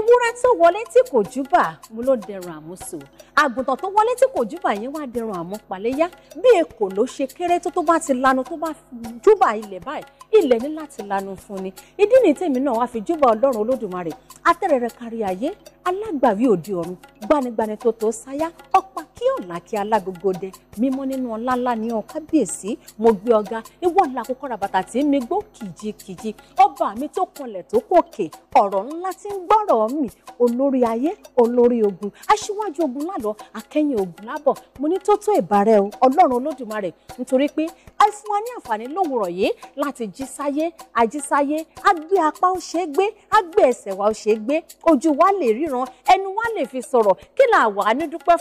ewúrẹ́ tó wọlé tí kò júbà mo ló dẹrùn àmúso àgùntàn tó wọlé tí kò júbà yẹn wá dẹrùn àmúpaléyá bí èkó ló ṣe kéré tó tó bá ti lanu tó bá júbà ilẹ̀ báyìí ilẹ̀ ní láti lanu fún ni ìdí ni tèmi náà wá fi júbà ọlọ́run olódùmarè atẹ́rẹrẹ kárí ayé alágbàwí òde ọ̀run gbanigbani tó tó sáyá ọ̀pá kí ọ̀nà kí alágógódé mímọ́ nínú ọlá ńlá ní ọ̀ká bíyèsí mo gbé ọ̀gá ìwọ ńlá kókó ra bàtà tí mi gbó kìjikìji ọba mi tó kanlẹ̀ tó pòkè ọ̀rọ̀ ńlá tí ń gbọ́rọ̀ mi olórí ayé olórí ogun aṣíwájú ogun lálọ́ akẹ́yìn ogun lábọ̀ mo ní tó tó ìbárẹ́ o ọlọ́run olódùmarè nítorí pé ẹ fún wa ní àǹfààní lówùrọ̀ yìí láti jí sáyé ajísáyé á gbé apá ó ṣe é gbé á gbé ẹsẹ̀ wa ó ṣe é gbé ojú wa lè ríran ẹnu wa lè fi sọ̀rọ̀ kí làá wà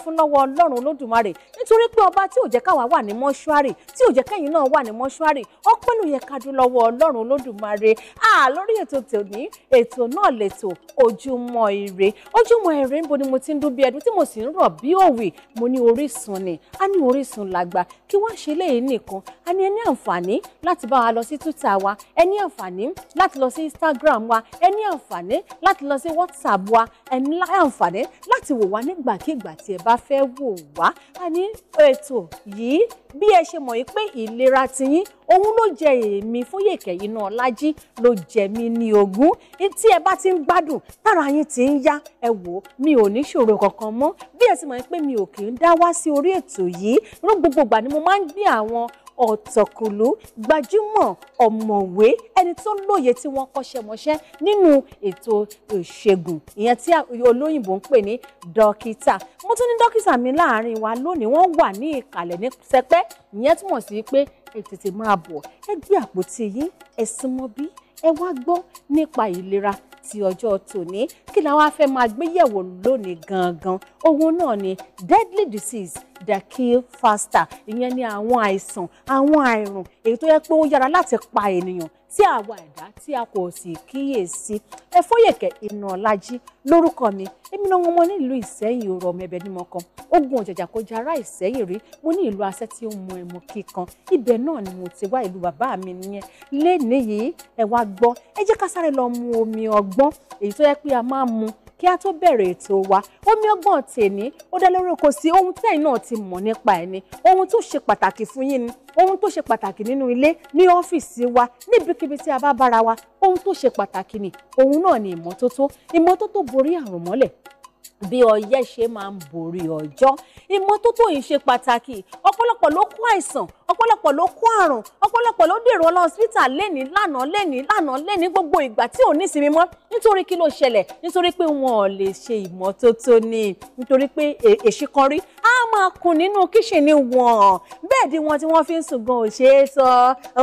fún lọ́wọ́ ọlọ́run ọlọ́run olódùmarè nítorí pé ọba tí ò jẹ́ káwa wà ní mọ́ṣúárì tí ò jẹ́ kẹ́yìn náà wà ní mọ́ṣúárì ọpẹ́ ló yẹ ká dún lọ́wọ́ ọlọ́run olódùmarè à lórí ètò tòní ètò náà lètò ojúmọ́ ire ojúmọ́ ire ń bo ni mo ti ń dún bí ẹdun tí mo sì ń rọ̀ bí òwe mo ní orísun ni a ní orísun làgbà kí wọ́n ṣe léyìí nìkan a ní ẹni àǹfààní láti bá wa lọ sí twitter wa ẹni àǹfààní láti lọ sí instagram wa ẹni àǹfààní láti lọ sí whatsapp wa ẹni àǹfààní láti wò wá nígbàkigbà tí ẹ bá fẹ́ wò wá a ní ètò yìí bí ẹ ṣe mọ̀ yìí pé ìlera tiyín òun ló jẹ èmi Foyeke Inaolaji ló jẹ mí ní ogún tí ẹ bá ti ń gbádùn tára yín ti ń yá ẹ wò mi ò ní ṣòro kankan mọ́ bí ẹ sì mọ̀ pé mi ò kì í dá wá sí orí ètò yìí rú gbogbo ni mo máa ń gbé àwọn ọ̀tọ̀kùlú gbajúmọ̀ ọ̀mọ̀wé ẹni tó lóye tí wọ́n kọ́ṣẹ́mọṣẹ́ nínú ètò ìṣègùn ìyẹn tí olóyìnbó ń pè ní dókítà mo tún ní dókítà mi láàárín wa lónìí wọ́n wà ní ìkàlẹ̀ ní sẹpẹ́ ìyẹn túmọ̀ sí pé ẹ tètè máa bọ̀ ẹ gbé àpótí yín ẹ súnmọ́ bí ẹ wá gbọ́ nípa ìlera ti ọjọ́ tòní kí la wá fẹ́ máa gbéyẹ̀wò lónìí gangan ohun náà ni deadly disease that kill faster ìyẹn ni àwọn àìsàn àwọn àìrùn èyí tó yẹ pé ó yára láti pa ènìyàn tí àwa ẹ̀dá tí a kò sì kíyèsí ẹ Fóyèkẹ́ Inaọlájí lórúkọ mi èmi náà wọn mọ nílùú Ìsẹ́yìn òrò ọmọ ẹbẹ nímọ kan ogun ọ̀jàjà kọjá ará Ìsẹ́yìn rí mo ní ìlú asẹ́ tí ó mọ ẹmu kíkan ibẹ̀ náà ni mo ti wá ìlú bàbá mi nìyẹn lénìí yìí ẹ wá gbọ́ ẹ jẹ́ ká sáré lọ mu omi ọgbọ́n èyí tó yẹ pé a máa mu kí a tó bẹ̀rẹ̀ ètò wa omi ọgbọ́n tèmi ó dá lórí kò sí ohun tẹ́yìn náà ti mọ̀ nípa ẹ̀ ni ohun tó ṣe pàtàkì fún yín ni ohun tó ṣe pàtàkì nínú ilé ní ọ́fíìsì wa níbikíbi tí a bá bára wa ohun tó ṣe pàtàkì ni òun náà ni ìmọ́tótó ìmọ́tótó borí àrùn mọ́lẹ̀ bí ọyẹ́ ṣe máa ń borí ọjọ́ ìmọ́tótó yìí ṣe pàtàkì ọ̀pọ̀lọpọ̀ ló kó àìsàn ọ̀pọ̀lọpọ̀ ló kó àrùn ọ̀pọ̀lọpọ̀ ló dèrò ọlọ́sítà lẹ́ni lánàá lẹ́ni lánàá lẹ́ni gbogbo ìgbà tí ò ní sinmi mọ́ nítorí kí ló ṣẹlẹ̀ nítorí pé wọn ò lè ṣe ìmọ́tótó ni nítorí pé e, èṣì kan rí á máa kun nínú kíṣìnì wọn bẹ́ẹ̀dì wọn tí wọ́n fi ń sùn gan ò ṣe é sọ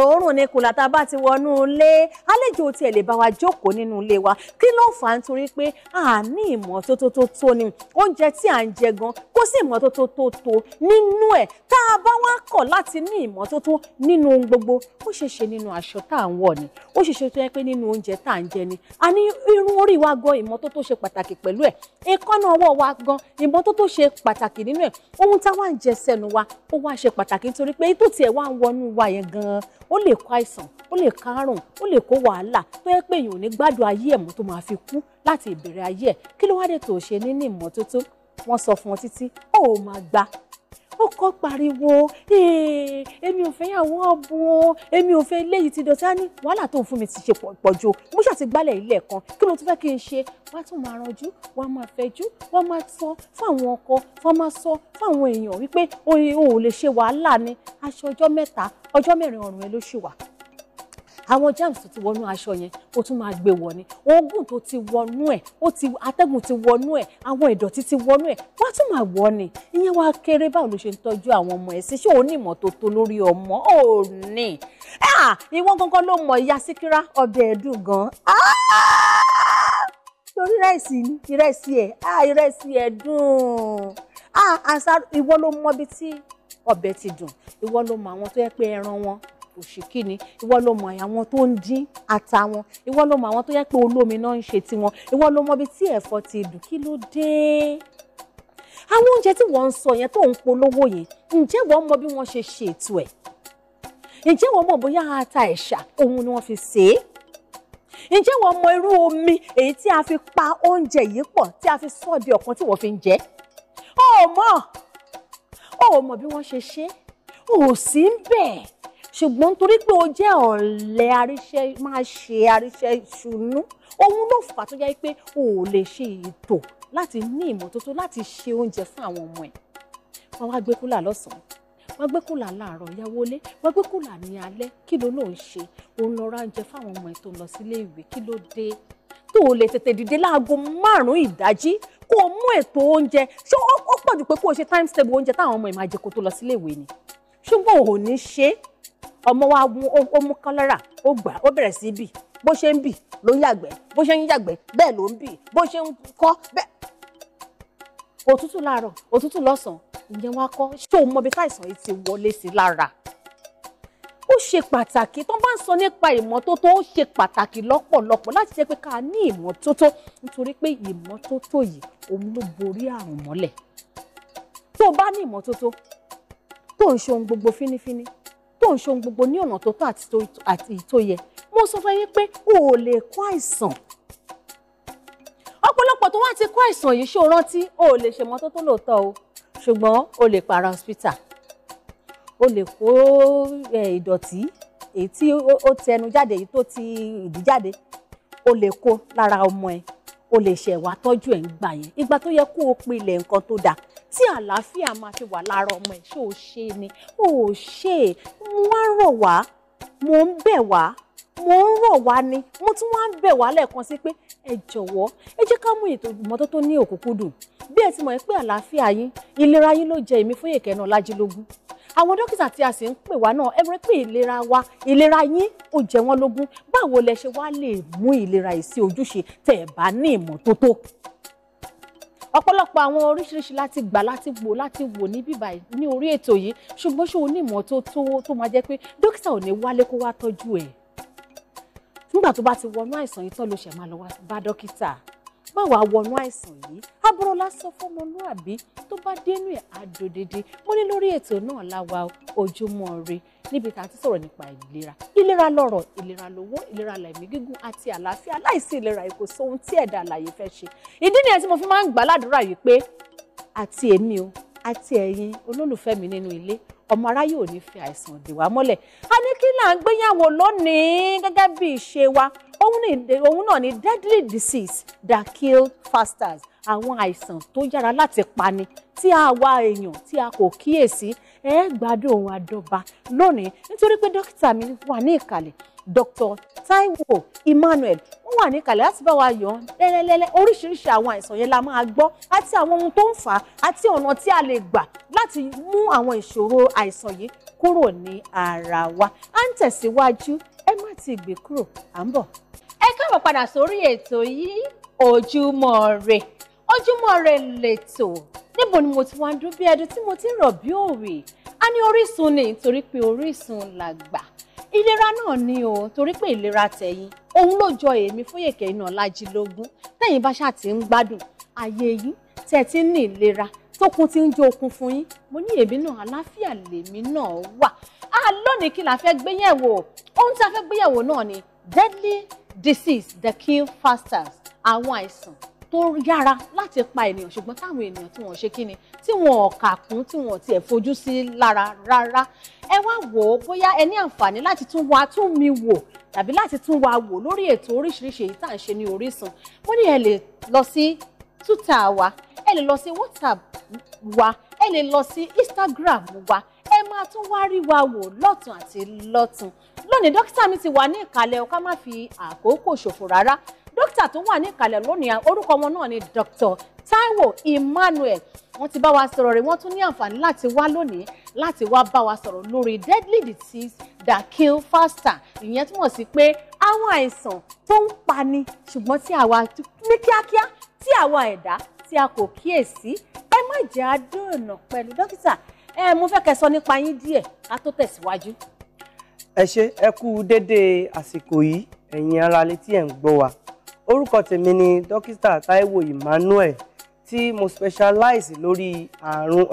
òórùn ni kùlà tá a bá ti wọnú ilé àlejò tiẹ̀ lè bá wa jókòó nínú ilé wa kí ló fà á nítorí pé a ní ìmọ́tótó tó ìmọ́tótó ni oúnjẹ tí à ń jẹ gan kó sí ìmọ́tótó tó tó nínú ẹ̀ tá a bá wá kọ̀ láti ní ìmọ́tótó nínú ohun gbogbo ó ṣe ṣe nínú aṣọ tá à ń wọ̀ ni ó ṣe ṣe tó yẹ pé nínú oúnjẹ tá à ń jẹ ni a ní irun orí wa gan ìmọ́tótó ṣe pàtàkì pẹ̀lú ẹ̀ èékánná ọwọ́ wa gan ìmọ́tótó ṣe pàtàkì nínú ẹ̀ ohun táwa ń jẹ sẹ́nu wa ó wá ṣe pàtàkì nítorí pé tó tiẹ̀ wá ń wọnú wa yẹn gan ó lè kó àìsàn ó lè kárùn ó lè kó wàhálà tó yẹ pé èèyàn ò ní gbádùn ayé ẹ̀mú tó máa fi kú láti ìbẹ̀rẹ̀ ayé ẹ̀ kí ló wá dé tó ṣe nínú ìmọ́tótó wọ́n sọ fún ọ títí ó máa gbà ó kọ́ pariwo èmi ò fẹ́ yàwó ọ̀bùn o èmi ò fẹ́ eléyìí ti dọ̀tí á ní wàhálà tó ń fún mi ti ṣe pọ̀ jù mo ṣáà ti gbálẹ̀ ilé kan kí ló tún fẹ́ kí n ṣe wàá tún máa ranjú wàá máa fẹjú wàá máa sọ fún àwọn ọkọ wàá máa sọ fún àwọn èèyàn wípé o ò lè ṣe wàhálà ni aṣọ ọjọ́ mẹ́ta ọjọ́ mẹ́rin ọ̀rùn ẹ ló ṣì wà àwọn germs tó ti wọnú aṣọ yẹn ó tún máa gbé wọ ni oògùn tó ti wọnú ẹ̀ ó ti atẹ́gùn ti wọnú ẹ̀ àwọn ìdọ̀tí ti wọnú ẹ̀ wọ́n tún máa wọ ni ìyẹn wá kéré báwo ló ṣe ń tọ́jú àwọn ọmọ ẹ̀ sí ṣé òun ní ìmọ́tótó lórí ọmọ ò ní ah! ìwọ gangan ló mọ ìyá síkírá ọbẹ̀ ẹ̀dùn gan ah! torí ìrẹsì ni ìrẹsì ẹ̀ ah! ìrẹsì ẹ̀ dùn àṣà ìwọ ló mọ ibi tí ọbẹ̀ ti dùn ìwọ ló mọ àwọn tó yẹ pé ẹran wọn òṣìkí ni ìwọ ló mọ àwọn tó ń dín ata wọn ìwọ ló mọ àwọn tó yẹ pé olómi náà ń ṣe tiwọn ìwọ ló mọ ibi tí ẹ̀fọ́ ti dùn kí ló dé àwọn oúnjẹ tí wọ́n ń sọ yẹn tó ń polówó yẹn ǹjẹ́ wọ́n mọ bí wọ́n ṣe ṣètò ẹ̀ ǹjẹ́ wọ́n mọ̀ bóyá ata ẹ̀ṣà òun ni wọ́n fi sè é ǹjẹ́ wọ́n mọ irú omi èyí tí a fi pa oúnjẹ yìí pọ̀ tí a fi sọ di ọ̀kan tí wọ́n fi ń jẹ ó mọ̀ ó mọ̀ bí wọ́n ṣe ṣe ó sì ń bẹ̀ẹ́ ṣùgbọ́n torí pé o jẹ́ ọ̀lẹ aríṣẹ́ máa ṣe aríṣẹ́ ìṣúnú ohun ló fà tó jẹ́ pé o ò lè ṣe ètò láti ní ìmọ́tótó láti ṣe oúnjẹ fún àwọn ọmọ ẹ̀ wọ́n wá gbé kúlà lọ́sàn-án wọ́n gbé kúlà láàárọ̀ yàwó ilé wọ́n gbé kúlà ní alẹ́ kí ló lóun ṣe òun lọ ra oúnjẹ fáwọn ọmọ ẹ̀ tó lọ sílé ìwé kí ló dé tó o lè tètè dìde láago márùn-ún ìdájí kó o mú ètò oúnjẹ ṣó ó pọ̀jù pé kó o ṣe time table oúnjẹ táwọn ọmọ ẹ̀ máa jẹ kó tó lọ sílé ìwé ni ṣùgbọ́n òun ò ní ṣe é ọmọ wa ó mú kọ́lẹ́rà ó gbà ó bẹ̀rẹ̀ sí bì bó ṣe ń bì ló ń yàgbẹ́ bó ṣe ń yàgbẹ́ bẹ́ẹ̀ ló ń bì bó ṣe ń kọ́ bẹ́ẹ̀ òtútù láàárọ̀ òtútù lọ́sàn-án ìyẹn wá kọ́ ṣé o mọ ibi táìsàn yìí ti wọlé sí lára ó ṣe pàtàkì tó bá ń sọ nípa ìmọ́tótó ó ṣe pàtàkì lọ́pọ̀lọpọ̀ láti jẹ́ pé ká ní ìmọ́tótó nítorí pé ìmọ́tótó yìí òun ló borí àrùn mọ́lẹ̀ tó bá ní ìmọ́tótó tó ń ṣe ohun gbogbo fínífíní kò ń ṣohun gbogbo ní ọ̀nà tó tọ́ àti tó yẹ mo sọ fún yín pé o ò lè kó àìsàn ọ̀pọ̀lọpọ̀ tó wá ti kó àìsàn yìí ṣó rántí o ò lè ṣèmọ́tótó lóòótọ́ o ṣùgbọ́n o lè para hospital o lè kó ìdọ̀tí èyí tí ó ti ẹnu jáde èyí tó ti ìdí jáde o lè kó lára ọmọ ẹ o lè ṣe wá tọ́jú ẹ̀ ń gbà yẹn ìgbà tó yẹ kó o pilẹ̀ nǹkan tó dáa tí àlàáfíà máa fi wà lára ọmọ ẹ̀ ṣé o ṣe ni o ò ṣe é wọ́n á rọ̀ wá mò ń bẹ̀ wá mò ń rọ̀ wá ni mo tún wá ń bẹ̀ wá lẹ́ẹ̀kan sí pé ẹ jọ̀wọ́ ẹ jẹ́ ká mú ètò ìmọ́tótó ní òkúkúdùn bí ẹ ti mọ̀ pé àlàáfíà yín ìlera yín ló jẹ èmi Fóyèkẹ́ Inaọlájílógún àwọn dókítà tí a sì ń pè wá náà ẹ rí pé ìlera wa ìlera yín ó jẹ wọ́n lógún báwo lẹ ṣe wá lè mú ìlera yìí sí ojúṣe tẹ́ ẹ bá ní ìmọ́tótó ọ̀pọ̀lọpọ̀ àwọn oríṣiríṣi láti gbà láti wò láti wò ní bíbá ní orí ètò yìí ṣùgbọ́n ṣé o ní ìmọ̀ tó máa jẹ́ pé dókítà ò ní wálé kó wá tọ́jú ẹ̀ nígbà tó bá ti wọnú àìsàn yìí tán ló ṣẹ̀ máa lọ wá bá dókítà má wàá wọnú àìsàn yìí aburú lásán fọmọlúàbí tó bá dénú ẹ̀ àdòdede mo ní lórí ètò náà láwa ojúmọ́ ire níbi tá a ti sọ̀rọ̀ nípa ìlera ìlera lọ́rọ̀ ìlera lówó ìlera lẹ̀mí gígùn àti àlàáfíà láìsí ìlera kò sóhun tí ẹ̀dá alààyè fẹ́ ṣe ìdí nìyẹn tí mo fi máa ń gbàládùra yìí pé àti èmi o àti ẹ̀yin olólùfẹ́ mi nínú ilé ọmọ aráyé ò ní fi àìsàn dè wá a ní kí là ń gbéyàwó lónìí gẹ́gẹ́ bí ìṣe wa òun náà ni deadly disease that kill fasters àwọn àìsàn tó yára láti pani tí a wá èèyàn tí a kò kíyèsí ẹ gbádùn ohun àdọba lónìí nítorí pé dókítà mi wà ní ìkàlẹ̀ Dr. Taiwo Emmanuel ó wà níkàlẹ̀ láti bá wa yàn lẹ́lẹ́lẹ́lẹ́ oríṣiríṣi àwọn àìsàn yẹn la máa gbọ́ àti àwọn ohun tó ń fà á àti ọ̀nà tí a lè gbà láti mú àwọn ìṣòro àìsàn yìí kúrò ní ara wa à ń tẹ̀síwájú ẹ má ti gbé kúrò à ń bọ̀. ẹ káàbọ̀ padà sórí ètò yìí ojúmọ́ rẹ̀ ojúmọ́ rẹ̀ lẹ́tọ̀ níbo ni mo ti wá ń dún bí ẹdun tí mo ti ń rọ̀ bí òwe a ní orísun ni nítorí pé orísun làgbà ìlera náà ni o torí pé ìlera tẹ̀yìn òun ló jọ èmi Fóyèké Ináolájílógún tẹ̀yìn bá ṣáà ti ń gbádùn ayé yín tẹ̀ ti ń ní ìlera tókun ti ń jó fún yín mo ní èmi náà àlàáfíà lèmi náà wà a lónìí kí la fẹ́ gbéyẹ̀wò ohun tí a fẹ́ gbéyẹ̀wò náà ni deadly disease that kill fastest àwọn àìsàn tó yára láti pa ènìyàn ṣùgbọ́n táwọn ènìyàn tí wọ́n ṣe kí ni tí wọ́n kà kún tí wọ́n tiẹ̀ fojú sí lára rárá ẹ wá wò ó bóyá ẹ ní àǹfààní láti tún wá tún mi wò tàbí láti tún wá wò lórí ètò oríṣiríṣi èyí tá à ń ṣe ní Orísun mo ní ẹ lè lọ sí Twitter wa ẹ lè lọ sí WhatsApp wa ẹ lè lọ sí Instagram wa máa tún wá rí wa wò lọ́tún àti lọ́tún lónìí dókítà mi ti wà ní ìkàlẹ̀ o ká má fi àkókò ṣòfò rárá dókítà tó wà ní ìkàlẹ̀ lónìí orúkọ wọn náà ni Dr. Taiwo Emmanuel wọ́n ti bá wa sọ̀rọ̀ rẹ̀ wọ́n tún ní àǹfààní láti wá lónìí láti wá bá wa sọ̀rọ̀ lórí deadly disease that kill faster ìyẹn túmọ̀ sí pé àwọn àìsàn tó ń pani ṣùgbọ́n tí àwa ní kíákíá tí àwa ẹ̀dá tí a kò kíyèsí ẹ má jẹ́ àdóònà pẹ̀lú dókítà ẹ mo fẹ́ kẹ́ sọ nípa yín díẹ̀ ká tó tẹ̀síwájú. ẹ ṣe ẹ kú déédéé àsìkò yìí ẹ̀yin ará létí ẹ̀ ń gbọ́ wa orúkọ tèmi ni dókítà Táíwò Emmanuel tí mo specialize lórí àrùn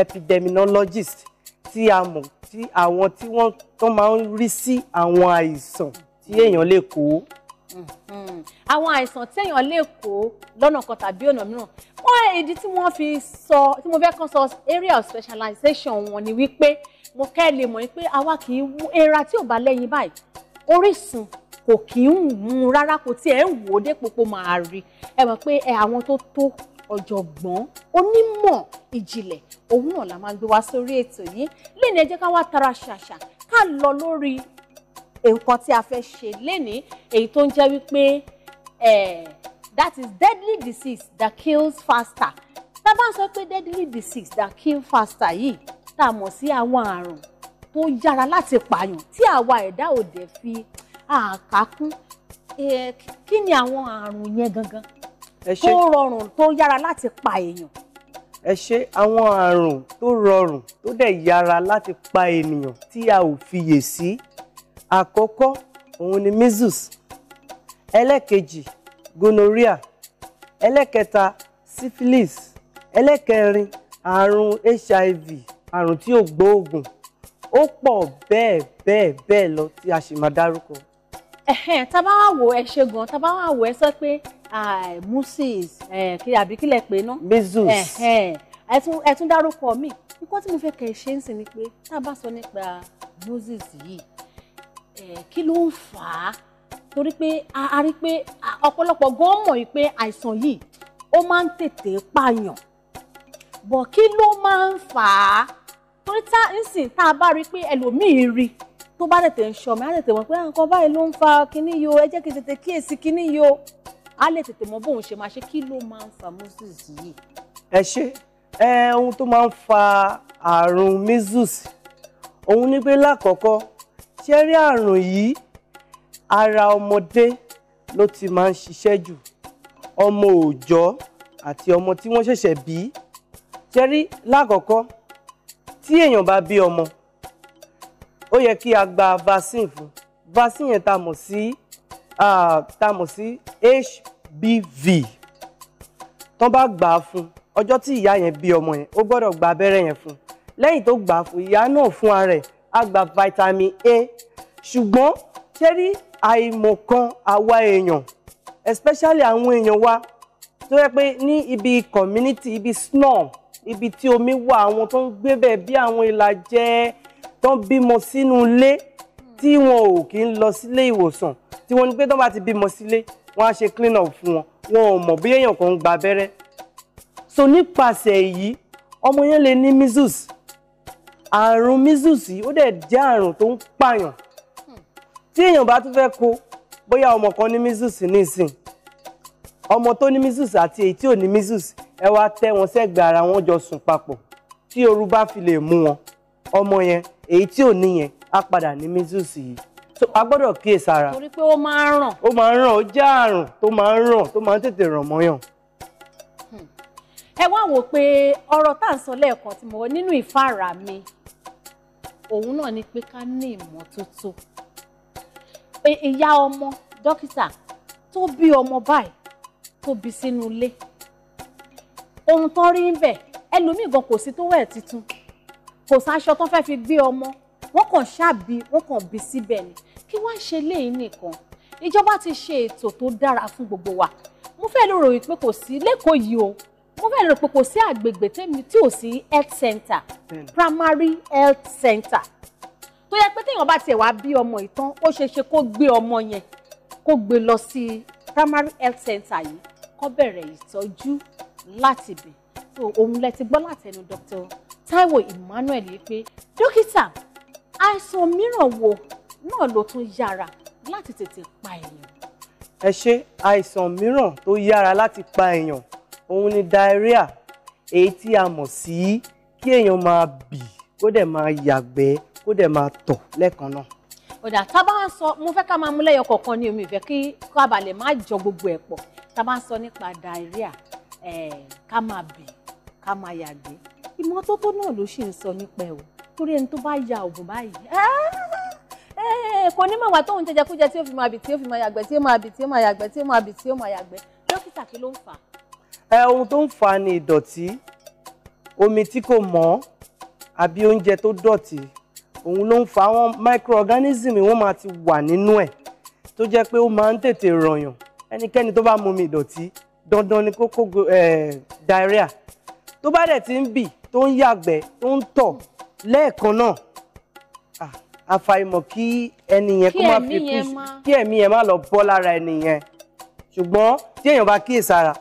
epidemiologist tí a mọ̀ tí àwọn tí wọ́n máa ń rí sí àwọn àìsàn tí èèyàn lè kó àwọn àìsàn téèyàn lè kó lọ́nà kan tàbí ọ̀nà mìíràn wọ́n èdè tí wọ́n fi sọ tí mo fẹ́ kàn sọ area of specialization wọn ni wípé mo kẹ́ lè mọ̀ pé àwa kì í wú era tí ò bá lẹ́yìn báyìí orísun kò kì í mú un rárá kò tiẹ̀ ń wò ó dépò pò máa rí ẹ mọ̀ pé àwọn tó tó ọ̀jọ̀gbọ́n onímọ̀ ìjìnlẹ̀ òun náà la máa gbé wá sórí ètò yìí lẹ́nu ẹ jẹ́ ká wá tara ṣàṣà ká lọ lórí nǹkan tí a fẹ́ ṣe lénìí èyí tó ń jẹ́ wípé that is deadly disease that kills faster tá a bá ń sọ pé deadly disease that kill faster yìí tá a mọ̀ sí àwọn àrùn tó yára láti pààyàn tí àwa ẹ̀dá òde fi àkàkún kí ni àwọn àrùn yẹn gangan tó rọrùn tó yára láti pa èèyàn ẹ ṣe àwọn àrùn tó rọrùn tó dẹ̀ yára láti pa ènìyàn tí a ò fiyè sí àkọ́kọ́ òun ni measles ẹlẹ́ẹ̀kejì gonorrhea ẹlẹ́ẹ̀kẹta syphilis ẹlẹ́ẹ̀kẹrin àrùn hiv àrùn tí ò gbóògùn ó pọ̀ bẹ́ẹ̀ bẹ́ẹ̀ bẹ́ẹ̀ lọ tí a sì máa dárúkọ. tá wá wò ẹ ṣe gan tá wá wò ẹ sọ pé musis àbí kílẹ̀ pé ná. measles ẹ tún dárúkọ mi nǹkan tí mo fẹ́ kẹ́ ṣe ń sìn ni pé tá a bá sọ nípa musis yìí Eh, kí ló ń fà á torí pé a rí pé ọ̀pọ̀lọpọ̀ gan mọ̀ pé àìsàn yìí ó máa ń tètè pààyàn bọ̀ kí ló máa ń fà á torí tá nsìn tá a bá rí pé ẹlòmíì rí tó bá tètè ń ṣọmọ á tètè mọ̀ pé ah, nǹkan báyìí ló ń fa kinní yo ẹ jẹ́ kí n tètè kíyèsí kinní yo á lè tètè mọ̀ bóun ṣe máa ṣe kí ló máa ń fa measles yìí. ẹ ṣe ohun tó máa ń fa àrùn measles òun ni pé lákọ̀ọ́kọ́ ṣe rí àrùn yìí ara ọmọdé ló ti máa ń ṣiṣẹ́ jù ọmọ òòjọ́ àti ọmọ tí wọ́n ṣẹ̀ṣẹ̀ bí ṣe rí lákọ̀ọ́kọ́ tí èèyàn bá bí ọmọ ó yẹ kí a gba vaccine fún vaccine yẹn tá mọ̀ sí tá mọ̀ sí HBV tán bá gbà á fún ọjọ́ tí ìyá yẹn bí ọmọ yẹn ó gbọ́dọ̀ gba abẹ́rẹ́ yẹn fún lẹ́yìn tó gbà á fún ìyá náà fún ara rẹ̀ a gba vitamin A ṣùgbọ́n ṣẹ́rí àìmọ̀kan àwa èèyàn especially àwọn èèyàn wa tó yẹ pé ní ibi community ibi snow ibi tí omi wà àwọn tó ń gbé bẹ́ẹ̀ bí àwọn ìlàjẹ tó ń bímọ sínú ilé tí wọn ò kí ń lọ sílé ìwòsàn tí wọn ní pé tó bá ti bímọ sílé wọn á ṣe clean up fún wọn wọn ò mọ̀ bí èèyàn kan ń gba abẹ́rẹ́ so nípasẹ̀ èyí ọmọ yẹn lè ní measles àrùn measles yìí ó dẹ̀ jẹ́ àrùn tó ń pààyàn tí èèyàn bá tún fẹ́ kó bóyá ọmọ kan ní measles nísìn ọmọ tó ní measles àti èyí tí ò ní measles ẹ wá tẹ́ wọn sẹ́gbẹ̀ẹ́ ara wọn jọ sùn papọ̀ tí ooru bá fi lè mú wọn ọmọ yẹn èyí tí ò ní yẹn á padà ní measles yìí so a gbọ́dọ̀ kíyèsára torí pé ó máa ń ràn ó máa ń ràn ó jẹ́ àrùn tó máa ń ràn tó máa ń tètè ràn mọ́yàn hmm. ẹ wá wò pé ọ̀rọ̀ tá à ń sọ lẹ́ẹ̀kan tí mo wọ nínú ìfáàrà mi òun náà ni pé ká ní ìmọ́tótó ìyá ọmọ dókítà tó bí ọmọ báyìí tó bí sínú ilé ohun tó rí ń bẹ̀ ẹlòmíì gan kò sí tó wẹ̀ tuntun kò sáṣọ tó fẹ́ fi gbé ọmọ wọ́n kàn ṣáàbí wọ́n kàn bí síbẹ̀ ni kí wọ́n ṣe léyìn nìkan ìjọba ti ṣe ètò tó dára fún gbogbo wa mo fẹ́ lérò wípé kò sí lẹ́kọ̀ọ́ yìí o wọ́n fẹ́ẹ́ lọ pòpò sí àgbègbè tẹ́mi tí ò sí health center primary health center tó yẹ pé téèyàn bá tiẹ̀ wá bí ọmọ ìtàn ó ṣeé ṣe kó gbé ọmọ yẹn kó gbé lọ sí primary health center yìí kó bẹ̀rẹ̀ ìtọ́jú láti bẹ̀ so òun lẹ ti gbọ́ látẹnu Dr. Taiwo Emmanuel yìí pé dókítà àìsàn mìíràn wo náà ló tún yára láti tètè pa èèyàn. ẹ ṣe àìsàn mìíràn tó yára láti pa èèyàn òun ni diarrhea èyí tí a mọ̀ sí kí èèyàn máa bì kó dẹ̀ máa yàgbẹ́ kó dẹ̀ máa tọ̀ lẹ́ẹ̀kan náà. ọ̀dà tá a bá ń sọ mo fẹ́ ká máa mú lẹ́yọ kọ̀ọ̀kan ni omi ìfẹ́ kí ká balẹ̀ má jọ gbogbo ẹ̀ pọ̀ tá a bá ń sọ nípa diarrhea ká máa bì ká máa yàgbẹ́ ìmọ́tótó náà ló sì ń sọ nípa ẹ̀ o torí ẹni tó bá ya oògùn báyìí kò ní mọ̀wá tóun jẹjẹkújẹ tí ó fi máa bì tí ó fi máa yàgbẹ́ tí ó máa bì tí ó máa yàgbẹ́ tí ó máa yàgbẹ́ dókítà kí ló ń fà á ẹ ohun tó ń fa ni ìdọ̀tí omi tí kò mọ́ àbí oúnjẹ tó dọ̀tí òun ló ń fa àwọn microorganism wọ́n máa ti wà nínú ẹ̀ tó jẹ́ pé ó máa ń tètè rọ̀yàn ẹnikẹ́ni tó bá mu omi ìdọ̀tí dandan ni kó diarrhea tó bá dẹ̀ ti ń bì tó ń yàgbẹ́ tó ń tọ̀ lẹ́ẹ̀kan náà àfàìmọ̀ kí ẹni yẹn kó má fi kú kí ẹ̀mí yẹn má lọ bọ́ lára ẹni yẹn ṣùgbọ́n tí èèyàn bá kíyèsára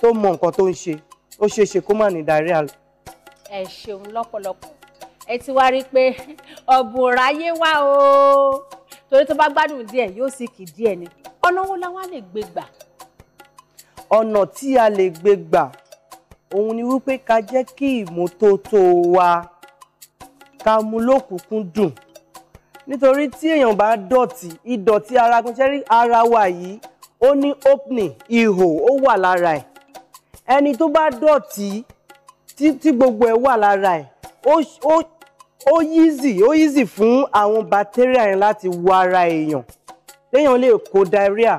tó mọ nǹkan tó ń ṣe ó ṣeé ṣe kó má ní diarrhea. ẹ ṣeun lọ́pọ̀lọpọ̀ ẹ ti wá rí i pé ọ̀bùn ráyé wá o torí tó bá gbádùn díẹ̀ yóò sì kì díẹ̀ ni ọ̀nà wo la wá lè gbé gbà. ọ̀nà tí a lè gbé gbà òun ni wípé ká jẹ́ kí ìmọ́tótó wa ká mú lókùnkún dùn nítorí tí èèyàn bá dọ̀tí ìdọ̀tí ara gan ara wa yìí ó ní opening ihò ó wà lára ẹ̀ ẹni tó bá dọ̀tí tí gbogbo ẹ̀ wà lára ẹ̀ ó yízì ó yízì fún àwọn bacteria yẹn láti wọ ara èèyàn téèyàn lè kó diarrhea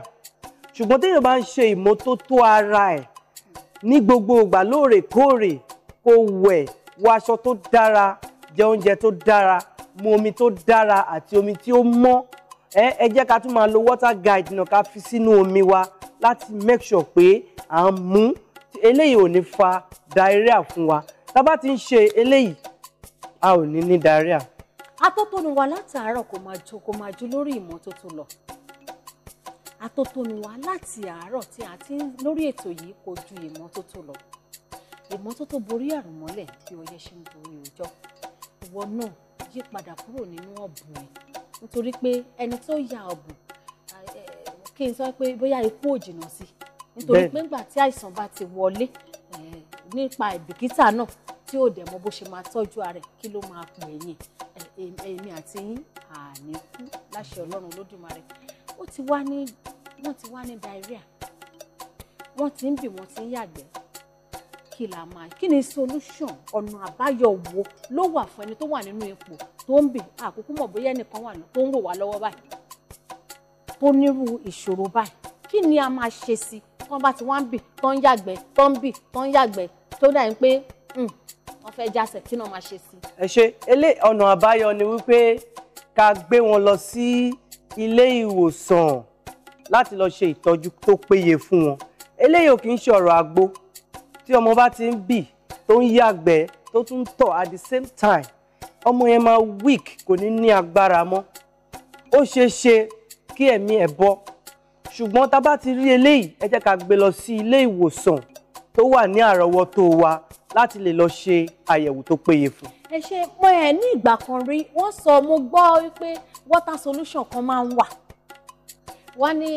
ṣùgbọ́n téèyàn bá ń ṣe ìmọ́tótó ara ẹ̀ ní gbogbo ìgbà lóòrèkóòrè kó wẹ̀ wọ aṣọ tó dára jẹ oúnjẹ tó dára mu omi tó dára àti omi tí ó mọ́ ẹ ẹ jẹ́ ká tún máa lo water guide náà ká fi sínú omi wa láti make sure pé à ń mú eléyìí ò ní fa diarrhea fún wa tá a bá ti ń ṣe eléyìí a ò ní ní diarrhea. atótónu wa látàárọ̀ kò máa jó kò máa jó lórí ìmọ́tótó lọ atótónu wa láti àárọ̀ tí a ti ń lórí ètò yìí kò ju ìmọ́tótó lọ ìmọ́tótó borí àrùn mọ́lẹ̀ bí ọyẹ ṣe ń borí òòjọ́ ìwọ náà yí padà kúrò nínú ọ̀bùn ẹ̀ nítorí pé ẹni tó ya ọ̀bùn kí n sọ pé bóyá ikú ò sí i nítorí pé nígbà tí àìsàn bá ti wọlé eh, nípa ìbìkítà náà tí ò dẹ̀ mọ bó ṣe máa tọ́jú ara ẹ̀ kí ló máa pè yín eh, èmi àti yín àní kú láṣẹ ọlọ́run lódùmarè ó ti wá ní wọ́n ti wá ní diarrhea wọ́n ti ń bì wọ́n ti ń yàgbẹ́ kí la máa kí ni solution ọ̀nà àbáyọ wo ló wà fún ẹni tó wà nínú ipò tó ń bì àkókò mọ̀ bóyá ẹnìkan wà tó ń rò wá lọ́wọ́ báyìí tó nírú ìṣòro báyìí kí ni a máa ṣe sí i tí wọ́n bá ti wá ń bì tó ń yàgbẹ́ tó ń bì tó ń yàgbẹ́ tó dà ń pé hmm, wọ́n fẹ́ jásẹ̀ kí náà máa ṣe sí. ẹ ṣe elé ọ̀nà àbáyọ ni wípé ká gbé wọn lọ sí ilé ìwòsàn láti lọ ṣe ìtọ́jú tó péye fún wọn eléyìí ò kì í ṣe ọ̀rọ̀ àgbo tí ọmọ bá ti ń bì tó ń yàgbẹ́ tó tún tọ̀ at the same time ọmọ yẹn máa weak kò ní ní agbára mọ́ ó ṣeé ṣe kí ẹ̀mí ẹ̀ bọ́ ṣùgbọ́n tá a bá ti rí eléyìí ẹ jẹ́ ká gbé lọ sí ilé ìwòsàn tó wà ní àrọ́wọ́tó wa láti lè lọ ṣe àyẹ̀wò tó péye fún. ẹ ṣe mo ẹ ní ìgbà kan rí wọ́n sọ mo gbọ́ wípé water solution kan máa ń wà wọ́n ní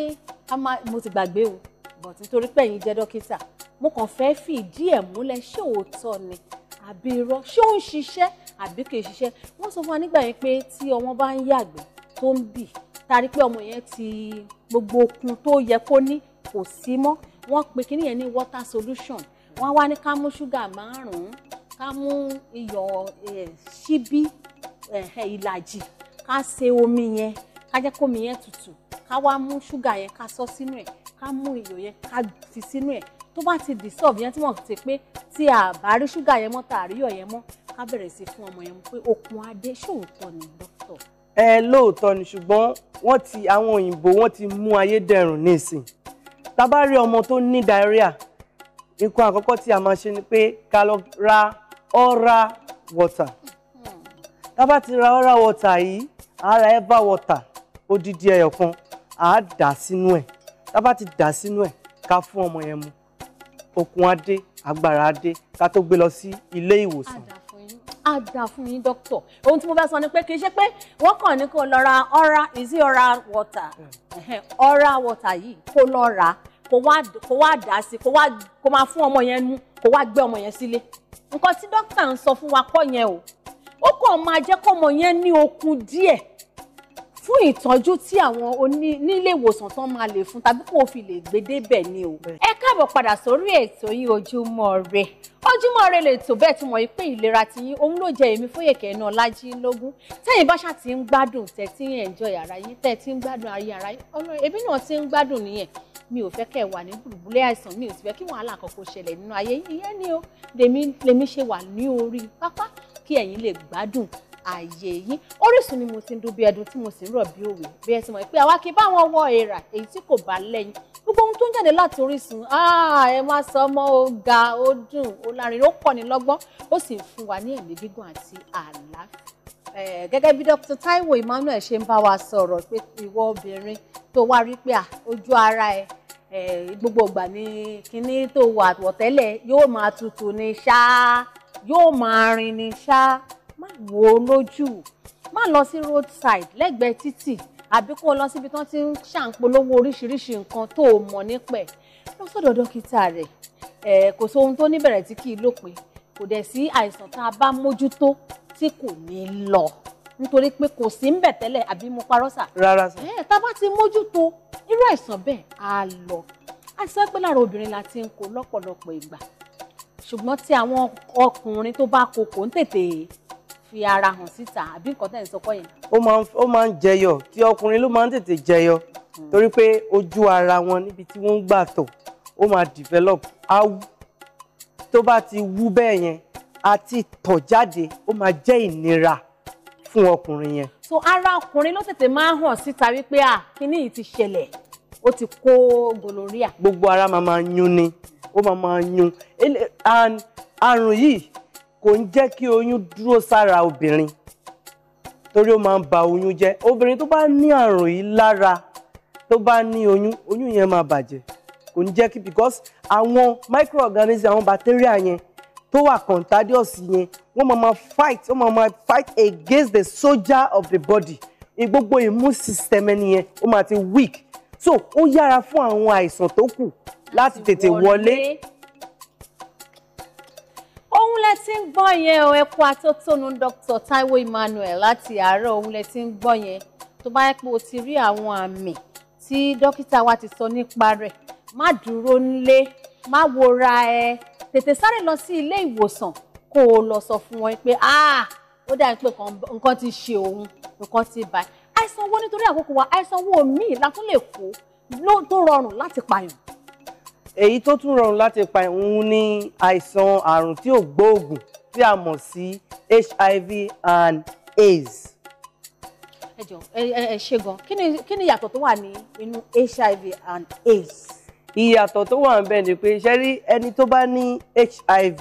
mo ti gbàgbé o but nítorí pé ẹ̀yin jẹ́ dókítà mo kàn fẹ́ fi ìdí ẹ̀ múlẹ̀ ṣé òótọ́ ni àbí irọ́ ṣé ó ń ṣiṣẹ́ àbí kì í ṣiṣẹ́ wọ́n sọ fún wa nígbà yẹn pé tí ọmọ bá ń yàgbẹ́ tó ń bì tá a rí pé ọmọ yẹn ti gbogbo okun tó yẹ kó ní kò sí mọ́ wọ́n pe kíní yẹn ní water solution wọ́n wá ní ká mú ṣúgà márùn-ún ká mú iyọ̀ ṣíbí ìlàjì ká ṣe omi yẹn ká jẹ́ kómi yẹn tutù ká wá mú ṣúgà yẹn ká sọ sínú ẹ̀ ká mú iyọ̀ yẹn ká fi sínú ẹ̀ tó bá ti dissolve yẹn tí wọ́n ti pé tí a bá rí ṣúgà yẹn mọ́ tá a rí iyọ̀ yẹn mọ́ ká bẹ̀rẹ̀ sí fún ọmọ yẹn pé okun adé ṣòótọ́ ni dókítà ẹ lóòótọ́ ni ṣùgbọ́n wọ́n ti àwọn òyìnbó wọ́n ti mú ayé dẹ̀rùn nísìn tá bá rí ọmọ tó ní diarrhea nǹkan àkọ́kọ́ tí a máa ṣe ni pé ká lọ ra oral water tá bá ti ra oral water yìí ara eva water odidi ẹyọ kan à á dà sínú ẹ̀ tá bá ti dà sínú ẹ̀ ká fún ọmọ yẹn mu okun adé agbára adé ká tó gbé lọ sí ilé ìwòsàn á dáa fún yín dókítọ̀ ohun tí mo fẹ́ sọ ni pé kì í ṣe pé wọ́n kàn ní kó lọ ra ọ̀rá ìsí ọ̀rá wọ̀tà ọ̀rá wọ̀tà yìí kó lọ rà á kó wá dà sí kó wá kó máa fún ọmọ yẹn nú kó wá gbé ọmọ yẹn sílé nǹkan tí dókítà ń sọ fún wa kọ́ yẹn o ó kàn máa jẹ́ kọ́mọ yẹn ní okun díẹ̀ fún ìtọ́jú tí àwọn onílé ìwòsàn tán máa lè fún tàbí kò fi lè gbé débẹ̀ ni o. ẹ káàbọ̀ padà sórí ètò yìí ojúmọ́ re ojúmọ́ re lè tó bẹ́ẹ̀ tí mo rí pé ìlera ti yín òun ló jẹ èmi Foyeke Inaolaji lógún tẹ́yìn bá ṣáà ti ń gbádùn tẹ́ ti ń enjoy ara yín tẹ́ ti ń gbádùn ayé ara yín ọ̀nà èmi náà ti ń gbádùn nìyẹn mi ò fẹ́ kẹ́ ẹ wà ní gbùgbùlé àìsàn mi ò sì fẹ́ kí wàhálà kankan ṣẹlẹ̀ nínú ayé ìyẹn ni o lèmi ṣe wà ní orí pápá kí ẹ̀yin lè gbádùn ààyè yín Orísun ni mo ti ń dún bí ẹdun tí mo sì ń rọ̀ bí òwe bí ẹ ti mọ̀ pé àwa kì í bá wọn wọ èèrà èyí tí kò bá lẹ́yìn gbogbo ohun tó ń jáde láti Orísun ah, ẹ má sọ ọmọ ó ga ó dùn ó lárinrin ó kọ́ni lọ́gbọ́n ó sì ń fún wa ní ẹ̀mí gígùn àti àlàáfíà gẹ́gẹ́ bí Dr. Taiwo Emmanuel ṣe ń bá wa sọ̀rọ̀ pé ìwọ obìnrin tó wá rí pé ah, ojú ara ẹ gbogbo ìgbà ní kinní tó wà wọ̀tẹ́lẹ̀ yóò máa tutù ní ṣáá yóò máa rin ní ṣáá má wò ó lójú má lọ sí roadside lẹ́gbẹ̀ẹ́ títì àbí kó o lọ síbi tí wọ́n ti ń ṣàǹpolówó oríṣiríṣi nǹkan tó o mọ̀ nípẹ̀ lọ sọ́dọ̀ dókítà rẹ̀ ẹ̀ kò sóhun tó níbẹ̀rẹ̀ tí kì í lópin kò dẹ̀ sí àìsàn tá a bá mójútó tí kò ní lọ nítorí pé kò sí ń bẹ̀ tẹ́lẹ̀ àbí mo parọ́ sà. rárá sà. ẹ tá a bá ti mójútó irú àìsàn bẹ́ẹ̀ á lọ àìsàn pé lára obìnrin la ti ń kó lọ́pọ̀lọpọ̀ ìgbà ṣùgbọ́n tí àwọn ọkùnrin tó bá kó ń tètè fi ara hàn síta àbí nǹkan tẹ̀ ń sọ kọ́ yẹn. ó máa ń jẹyọ tí ọkùnrin ló máa ń tètè jẹyọ hmm. torí pé ojú ara wọn níbi tí wọ́n ń gbà tọ̀ ó máa develop á tó bá ti wú bẹ́ẹ̀ yẹn àti tọ̀ jáde ó máa jẹ́ ìnira fún ọkùnrin yẹn. so ara ọkùnrin ló tètè máa ń hàn síta wípé à kíní yìí ti ṣẹlẹ̀ ó ti kó gonorrhea. gbogbo ara máa máa yún ni ó máa máa yún àrùn yìí kò ń jẹ́ kí oyún dúró sára obìnrin torí ó máa ń ba oyún jẹ́ obìnrin tó bá ní àrùn yìí lára tó bá ní oyún oyún yẹn máa bàjẹ́ kò ní jẹ́ kí because àwọn microorganisms àwọn bacteria yẹn tó wà contagious yẹn wọ́n máa máa fight wọ́n máa máa fight against the soldier of the body gbogbo immune system ẹni yẹn ó máa ti weak so ó yára fún àwọn àìsàn tó kù láti tètè wọlé ẹ ti ń gbọ́ yẹn o ẹ kú atótónu Dr. Taiwo Emmanuel láti àárọ̀ òun lẹ ti ń gbọ́ yẹn tó bá yẹ pé o ti rí àwọn àmì tí dókítà wa ti sọ nípa rẹ̀ má dúró nílé má wora ẹ tètè sáré lọ sí ilé ìwòsàn kó o lọ sọ fún wọn pé ah ó dàbí pé nǹkan ti ṣe òun nǹkan ti bá àìsàn wo nítorí àkókò wa àìsàn wo míì la tún lè kó tó rọrùn láti pààyàn èyí tó tún rọrùn láti pa òun ni àìsàn àrùn tí ò gbóògùn tí a mọ̀ sí HIV and AIDS. ẹ jọ ẹ ẹ ṣe gan kí ni kí ni ìyàtọ̀ tó wà ní inú HIV and AIDS. ìyàtọ̀ tó wà ń bẹ ni pé ṣe rí ẹni tó bá ní HIV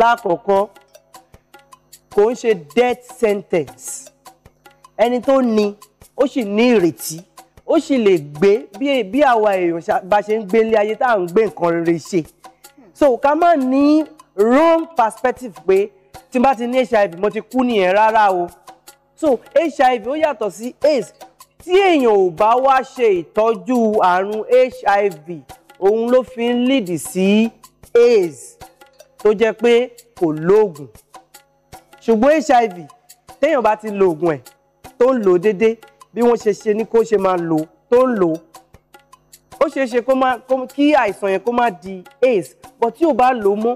lákọ̀ọ́kọ́ kò ń ṣe death sentence ẹni tó ní ó sì ní ìrètí ó sì lè gbé bí àwa èèyàn bá ṣe ń gbé ilé ayé tá à ń gbé nǹkan rere ṣe so ká má ní wrong perspective pé tí bá ti ní hiv mo ti kú nìyẹn rárá o so hiv ó yàtọ̀ sí aids tí èèyàn ò bá wá ṣe ìtọ́jú àrùn hiv òun ló fi ń lìdì sí aids tó jẹ́ pé kò lóògùn ṣùgbọ́n hiv téèyàn bá ti lo oògùn ẹ̀ tó ń lò déédéé bí wọ́n ṣe ṣe ní kó ṣe máa lò tó ń lò ó ṣeé ṣe kí àìsàn yẹn kó má di ace but tí ò bá lò ó mọ́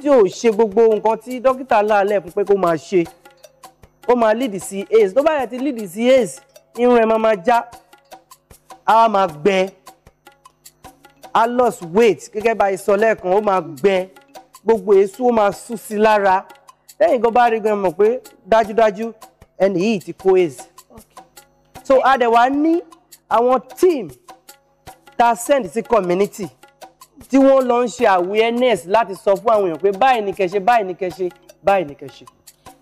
tí ò ṣe gbogbo nǹkan tí dókítà láàlẹ̀ fún pé kó máa ṣe ó máa lídì sí ace tó bá yẹ ti lídì sí ace irun ẹ̀ máa máa já á máa gbẹ á lost weight gẹ́gẹ́ bá ìsọ lẹ́ẹ̀kan ó máa gbẹ gbogbo èso ó máa sú sí lára lẹ́yìn gan bá rí gan mọ̀ pé dájúdájú ẹni yìí ti kó ace so a dẹ̀ wá ní àwọn team ta send sí community tí wọ́n lọ ń ṣe awareness láti sọ fún àwọn èèyàn pé báyìí ni kẹ́ ṣe báyìí ni kẹ́ ṣe báyìí ni kẹ́ ṣe.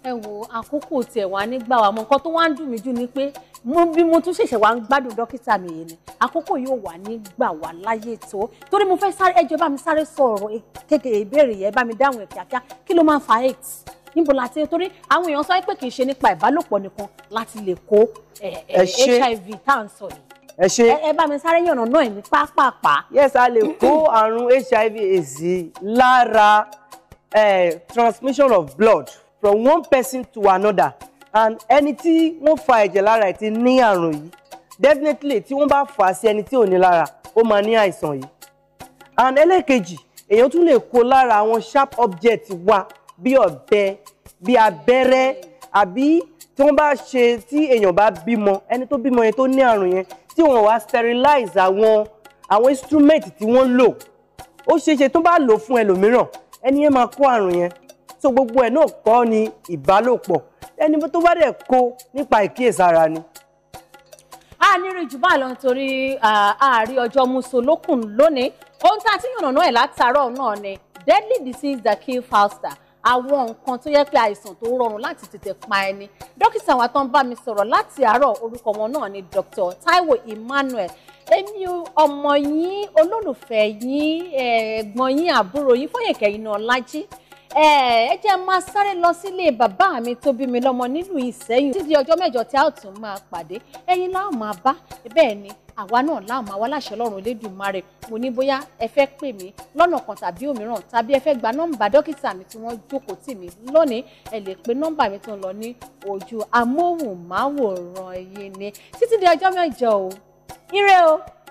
ẹ wo àkókò tiẹ̀ wá nígbà wa mọ nǹkan tó wá ń dùn mí jù ni pé mo bí mo tún ṣẹ̀ṣẹ̀ wá ń gbádùn dókítà mi yìí ni àkókò yóò wà nígbà wá láyé tó torí mo fẹ́ sáré ẹjọ́ bá mi sáré sọ̀rọ̀ kékeré ìbéèrè yẹn bá mi dáhùn ẹ̀ kíákíá kí ló máa ń fa aids níbo la ti torí àwọn èèyàn sọ pé kì í ṣe nípa ìbálòpọ̀ nìkan láti lè kó HIV tá à ń sọ yìí ẹ ṣe ẹ bá mi sáré yànnà náà ní pápápá. yes a lè kó àrùn HIV AIDS lára transmission of blood from one person to another and ẹni tí wọ́n fa ẹ̀jẹ̀ lára ẹ̀ ti ní àrùn yìí definitely tí wọ́n bá fà á sí ẹni tí ò ní lára ó máa ní àìsàn yìí and ẹlẹ́ẹ̀kejì èèyàn tún lè kó lára àwọn sharp objects wa bí ọ̀bẹ bí abẹ́rẹ́ àbí tí wọ́n bá ṣe tí èèyàn bá bímọ ẹni tó bímọ yẹn tó ní àrùn yẹn tí wọ́n wá sterilize àwọn àwọn instrument tí wọ́n lò ó ṣeéṣe tó bá lò fún ẹlòmíràn ẹni yẹn máa kó àrùn yẹn so gbogbo ẹ̀ náà kọ́ ni ìbálòpọ̀ ẹni tó bá dẹ̀ kó nípa ìkíyèsára ni a nírú jù bá lọ nítorí ààrí ọjọ́ muso lókùn lónìí ohun tá a ti yànnàná ẹ̀ látàárọ̀ náà ni deadly disease that kill faster àwọn nǹkan tó yẹ pé àìsàn tó rọrùn láti tètè pa ẹni dókítà wa tó ń bá mi sọ̀rọ̀ láti àárọ̀ orúkọ wọn náà ni Dr. Taiwo Emmanuel èmi ọmọ yín olólùfẹ́ yín ẹ̀gbọ́n yín àbúrò yín Fọyẹ̀kẹ́ Inaọlájí ẹ jẹ́ máa sáré lọ sílé bàbá mi tó bí mi lọ́mọ nílùú Ìṣẹ́yìn títí ọjọ́ mẹ́jọ tí a ó tún máa pàdé ẹ̀yin la ó máa bá bẹ́ẹ̀ ni àwa náà láàmú àwa láṣẹ Ọlọ́run Elédùmarè mo ní bóyá ẹ fẹ́ pè mí lọ́nà kan tàbí òmíràn tàbí ẹ fẹ́ gba nọ́mbà dókítà mi tí wọ́n jókòó tì mí lónìí ẹ lè pe nọ́mbà mi tó ń lọ ní ojú amóhùnmáwòrán yìí ni títí di ọjọ́ mẹ́jọ o ire o.